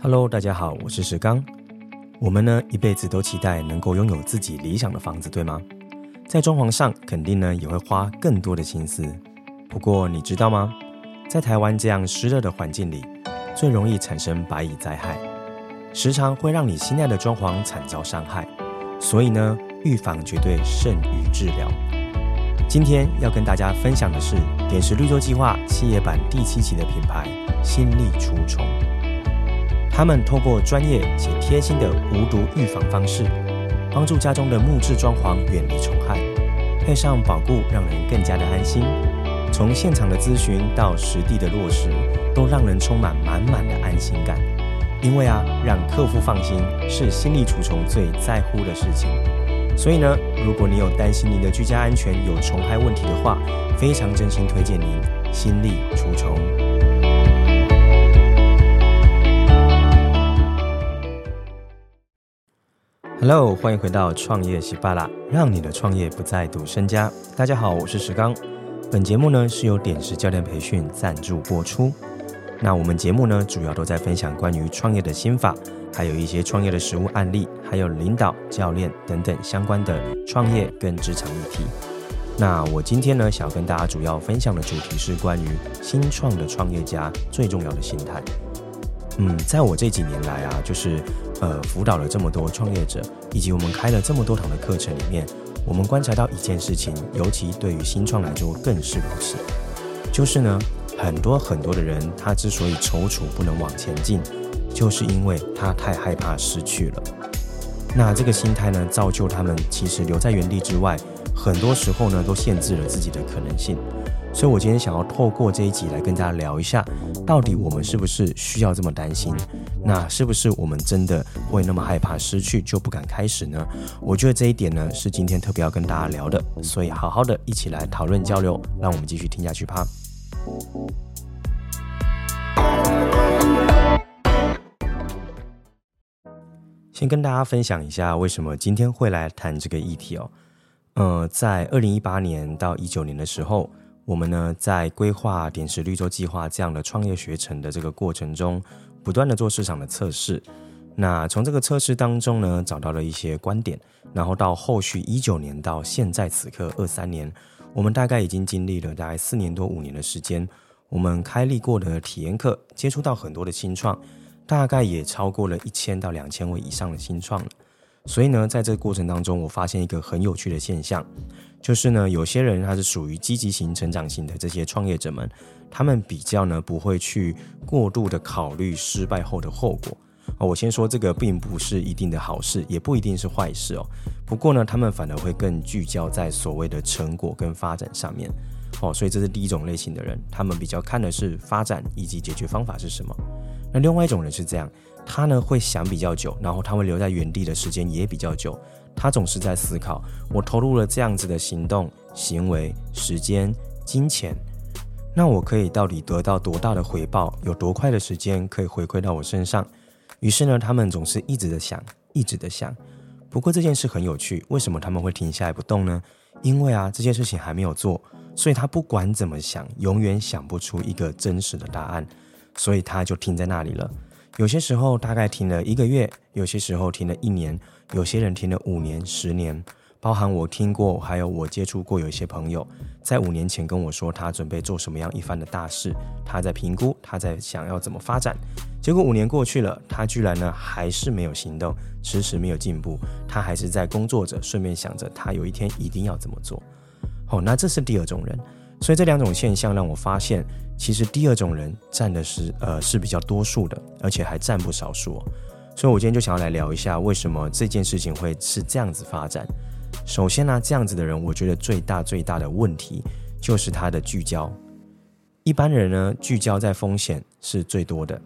哈囉，大家好，我是石剛。我們呢，一輩子都期待能夠擁有自己理想的房子，對嗎？在裝潢上，肯定呢，也會花更多的心思。不過你知道嗎？在台灣這樣濕熱的環境裡，最容易產生白蟻災害，時常會讓你心愛的裝潢慘遭傷害。所以呢，預防絕對勝於治療。今天要跟大家分享的是點拾綠洲計劃企業版第七期的品牌心力除蟲。他們透過專業且貼心的無毒預防方式，幫助家中的木質裝潢遠離蟲害，配上保固，讓人更加的安心。從現場的諮詢到實地的落實，都讓人充滿滿滿的安心感。因為啊，讓客戶放心是心力除蟲最在乎的事情。所以呢，如果你有擔心您的居家安全有蟲害問題的話，非常真心推薦您心力除蟲。Hello，歡迎回到創業喜巴拉，讓你的創業不再賭身家。大家好，我是石剛。本節目呢，是由點拾教練培訓贊助播出。那我們節目呢，主要都在分享關於創業的心法，還有一些創業的實務案例，還有領導、教練等等相關的創業跟職場議題。那我今天呢，想要跟大家主要分享的主題是關於新創的創業家最重要的心態。嗯，在我這幾年來啊，就是呃輔導了這麼多創業者，以及我們開了這麼多堂的課程裡面，我們觀察到一件事情，尤其對於新創來說更是如此，就是呢，很多很多的人他之所以躊躇不能往前進，就是因為他太害怕失去了。那這個心態呢，造就他們其實留在原地之外，很多時候呢都限制了自己的可能性。所以，我今天想要透過這一集來跟大家聊一下，到底我們是不是需要這麼擔心？那是不是我們真的會那麼害怕失去，就不敢開始呢？我覺得這一點呢，是今天特別要跟大家聊的。所以，好好的一起來討論交流，讓我們繼續聽下去吧。先跟大家分享一下，為什麼今天會來談這個議題哦。嗯、呃，在二零一八年到一九年的時候。我們呢，在規劃“點拾綠洲”計劃這樣的創業學程的這個過程中，不斷的做市場的測試。那從這個測試當中呢，找到了一些觀點，然後到後續一九年到現在此刻二三年，我們大概已經經歷了大概四年多五年的時間。我們開立過的體驗課，接觸到很多的新創，大概也超過了一千到兩千位以上的新創。所以呢，在這個過程當中，我發現一個很有趣的現象。就是呢，有些人他是屬於積極型、成長型的這些創業者們，他們比較呢不會去過度的考慮失敗後的後果。啊、哦，我先說這個並不是一定的好事，也不一定是壞事哦。不過呢，他們反而會更聚焦在所謂的成果跟發展上面。哦，所以這是第一種類型的人，他們比較看的是發展以及解決方法是什麼。那另外一種人是這樣，他呢會想比較久，然後他會留在原地的時間也比較久。他總是在思考，我投入了這樣子的行動、行為、時間、金錢，那我可以到底得到多大的回報？有多快的時間可以回饋到我身上？於是呢，他們總是一直的想，一直的想。不過這件事很有趣，為什麼他們會停下來不動呢？因為啊，這件事情還沒有做，所以他不管怎麼想，永遠想不出一個真實的答案，所以他就停在那裡了。有些時候大概停了一個月，有些時候停了一年，有些人停了五年、十年，包含我聽過，還有我接觸過有一些朋友，在五年前跟我說他準備做什麼樣一番的大事，他在評估，他在想要怎麼發展。結果五年過去了，他居然呢還是沒有行動，遲遲沒有進步，他還是在工作着，順便想着他有一天一定要怎麼做。好，哦，那這是第二種人。所以這兩種現象讓我發現，其實第二種人占的是呃，是比較多數的，而且還占不少數。所以，我今天就想要來聊一下，為什麼這件事情會是這樣子發展。首先呢，這樣子的人，我覺得最大最大的問題就是他的聚焦。一般人呢，聚焦在風險是最多的，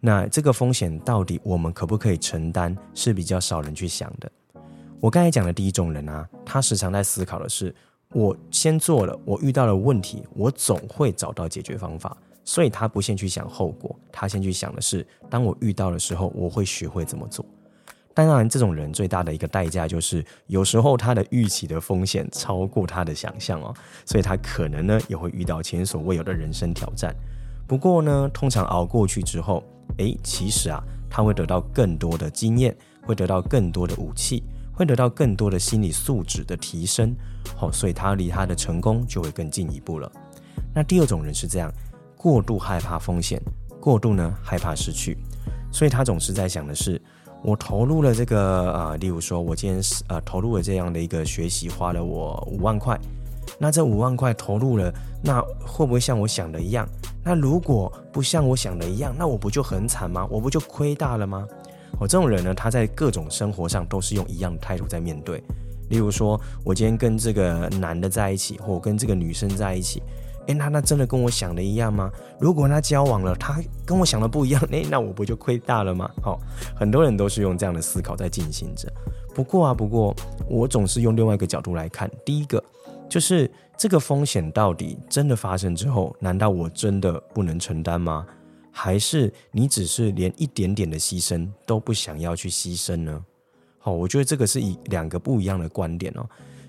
那這個風險到底我們可不可以承擔，是比較少人去想的。我剛才講的第一種人呢，他時常在思考的是，我先做了，我遇到了問題，我總會找到解決方法，所以他不先去想後果，他先去想的是，當我遇到的時候，我會學會怎麼做。當然，這種人最大的一個代價就是，有時候他的預期的風險超過他的想象哦，所以他可能呢也會遇到前所未有的人生挑戰。不過呢，通常熬過去之後，誒，其實啊，他會得到更多的經驗，會得到更多的武器。會得到更多的心理素質的提升，好，所以他離他的成功就會更進一步了。那第二種人是這樣，過度害怕風險，過度呢，害怕失去，所以他總是在想的是，我投入了這個，啊、呃，例如說，我今天呃投入了這樣的一個學習，花了我五萬塊，那這五萬塊投入了，那會不會像我想的一樣？那如果不像我想的一樣，那我不就很慘嗎？我不就虧大了嗎？我這種人呢，他在各種生活上都是用一樣的態度在面對。例如說，我今天跟這個男的在一起，或跟這個女生在一起，誒，那那真的跟我想的一樣嗎？如果他交往了，他跟我想的不一樣，誒，那我不就虧大了嗎？哦，很多人都是用這樣的思考在進行着。不過啊，不過我總是用另外一個角度來看。第一個就是這個風險到底真的發生之後，難道我真的不能承擔嗎？還是你只是連一點點的犧牲都不想要去犧牲呢？好、哦，我覺得這個是一兩個不一樣的觀點哦。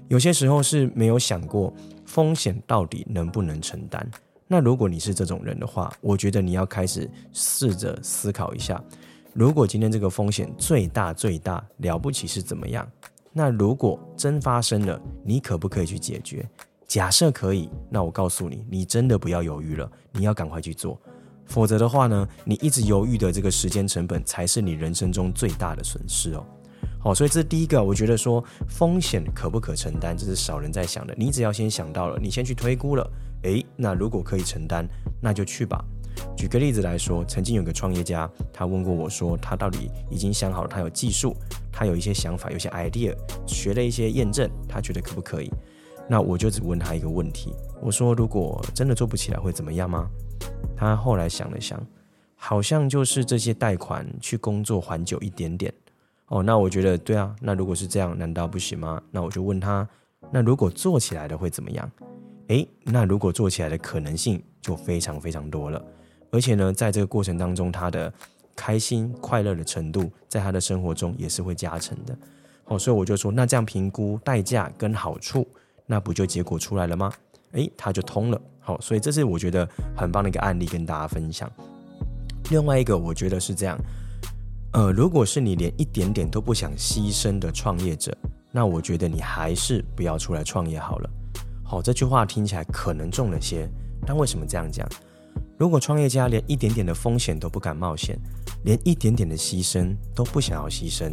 有些時候是沒有想過風險到底能不能承擔。那如果你是這種人的話，我覺得你要開始試着思考一下，如果今天這個風險最大最大了不起是怎麼樣？那如果真發生了，你可不可以去解決？假設可以，那我告訴你，你真的不要猶豫了，你要趕快去做。否則的話呢，你一直猶豫的這個時間成本才是你人生中最大的損失哦。好，所以這是第一個，我覺得說風險可不可承擔，這是少人在想的。你只要先想到了，你先去推估了。誒，那如果可以承擔，那就去吧。舉個例子來說，曾經有個創業家，他問過我說，他到底已經想好了，他有技術，他有一些想法，有一些 idea，學了一些驗證，他覺得可不可以？那我就只問他一個問題，我說，如果真的做不起來，會怎麼樣嗎？他後來想了想，好像就是這些貸款去工作還久一點點，哦，那我覺得對啊，那如果是這樣，難道不行嗎？那我就問他，那如果做起來的會怎麼樣？誒，那如果做起來的可能性就非常非常多了，而且呢，在這個過程當中，他的開心快樂的程度，在他的生活中也是會加成的，哦，所以我就說，那這樣評估代價跟好處，那不就結果出來了嗎？誒，他就通了。好，所以這是我覺得很棒的一個案例跟大家分享。另外一個，我覺得是這樣，呃，如果是你連一點點都不想犧牲的創業者，那我覺得你還是不要出來創業好了。好，這句話聽起來可能重了些，但為什麼這樣講？如果創業家連一點點的風險都不敢冒險，連一點點的犧牲都不想要犧牲，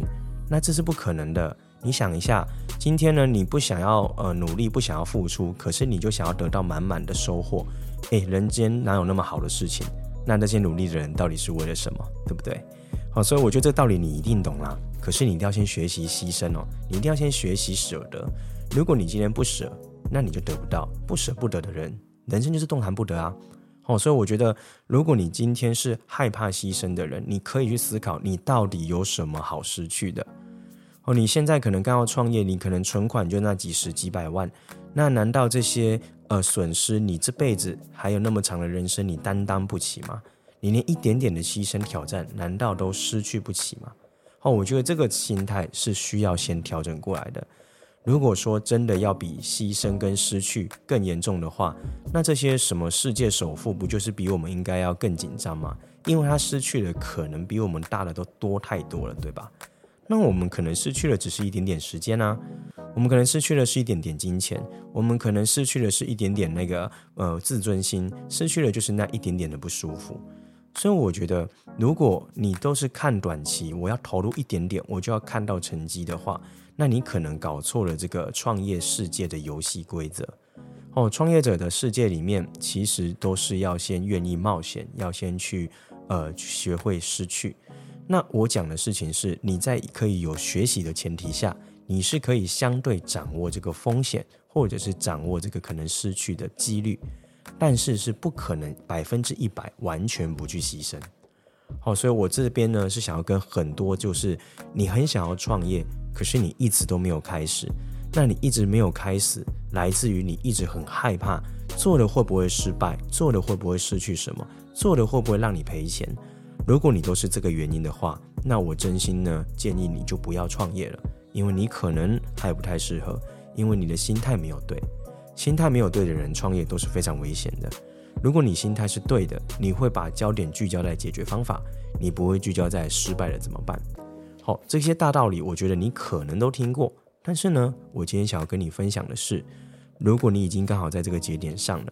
那這是不可能的。你想一下，今天呢，你不想要呃努力，不想要付出，可是你就想要得到滿滿的收穫，誒、欸，人間哪有那麼好的事情？那那些努力的人到底是為了什麼？對不對？好、哦，所以我覺得這個道理你一定懂啦。可是你一定要先學習犧牲哦，你一定要先學習捨得。如果你今天不捨，那你就得不到；不捨不得的人，人生就是動彈不得啊。好、哦，所以我覺得，如果你今天是害怕犧牲的人，你可以去思考，你到底有什麼好失去的。你現在可能剛要創業，你可能存款就那幾十幾百萬，那難道這些呃損失，你這輩子還有那麼長的人生，你擔當不起嗎？你連一點點的犧牲挑戰，難道都失去不起嗎？哦，我覺得這個心態是需要先調整過來的。如果說真的要比犧牲跟失去更嚴重的話，那這些什麼世界首富，不就是比我們應該要更緊張嗎？因為他失去的可能比我們大的都多太多了，對吧？那我們可能失去的只是一點點時間啊，我們可能失去的是一點點金錢，我們可能失去的是一點點那個呃自尊心，失去的就是那一點點的不舒服。所以我覺得，如果你都是看短期，我要投入一點點，我就要看到成績的話，那你可能搞錯了這個創業世界的遊戲規則。哦，創業者的世界裡面，其實都是要先願意冒險，要先去呃學會失去。那我講的事情是，你在可以有學習的前提下，你是可以相對掌握這個風險，或者是掌握這個可能失去的幾率，但是是不可能百分之一百完全不去犧牲。好，所以我這邊呢是想要跟很多就是你很想要創業，可是你一直都沒有開始，那你一直沒有開始，來自於你一直很害怕做的會不會失敗，做的會不會失去什麼，做的會不會讓你賠錢。如果你都是這個原因的話，那我真心呢建議你就不要創業了，因為你可能還不太適合，因為你的心態沒有對，心態沒有對的人創業都是非常危險的。如果你心態是對的，你會把焦點聚焦在解決方法，你不會聚焦在失敗了怎麼辦。好、哦，這些大道理我覺得你可能都聽過，但是呢，我今天想要跟你分享的是，如果你已經剛好在這個節點上了，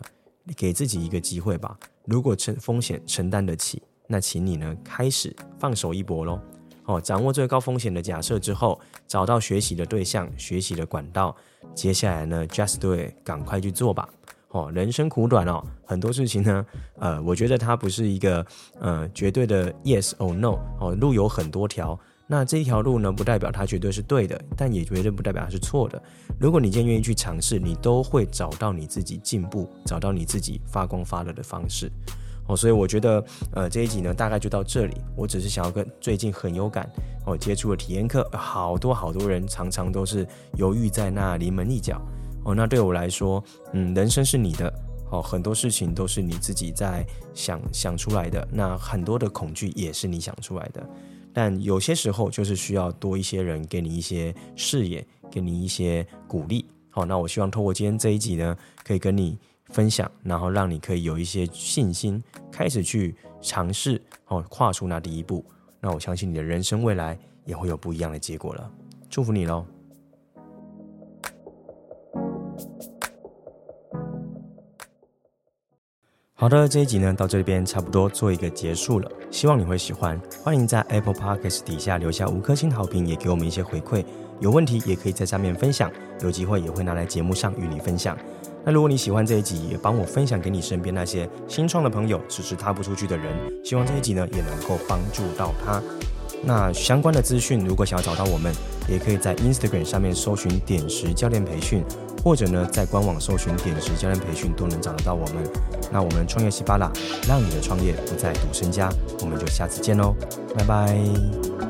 給自己一個機會吧。如果承風險承擔得起，那請你呢開始放手一搏嘍，哦，掌握最高風險的假設之後，找到學習的對象、學習的管道，接下來呢，just do it，趕快去做吧。哦，人生苦短哦，很多事情呢，呃，我覺得它不是一個呃絕對的 yes or no，哦，路有很多條，那這一條路呢，不代表它絕對是對的，但也絕對不代表它是錯的。如果你今天願意去嘗試，你都會找到你自己進步、找到你自己發光發熱的方式。哦，所以我覺得，呃，這一集呢，大概就到這裡。我只是想要跟最近很有感，我接觸的體驗課，好多好多人常常都是猶豫在那臨門一腳。哦，那對我來說，嗯，人生是你的，哦，很多事情都是你自己在想想出來的。那很多的恐懼也是你想出來的。但有些時候就是需要多一些人給你一些視野，給你一些鼓勵。好，哦，那我希望透過今天這一集呢，可以跟你分享，然後讓你可以有一些信心，開始去嘗試哦，然後跨出那第一步。那我相信你的人生未來也會有不一樣的結果了。祝福你嘍！好的，這一集呢，到這邊差不多做一個結束了，希望你會喜歡。歡迎在 Apple Podcast 底下留下五顆星好評，也給我們一些回饋。有問題也可以在下面分享，有機會也會拿來節目上與你分享。那如果你喜歡這一集，也幫我分享給你身邊那些新創的朋友，遲遲踏不出去的人。希望這一集呢，也能夠幫助到他。那相關的資訊，如果想要找到我們，也可以在 Instagram 上面搜尋“點拾教練培訓”，或者呢，在官網搜尋“點拾教練培訓”都能找得到我們。那我們創業啟巴了，讓你的創業不再賭身家。我們就下次見嘍，拜拜。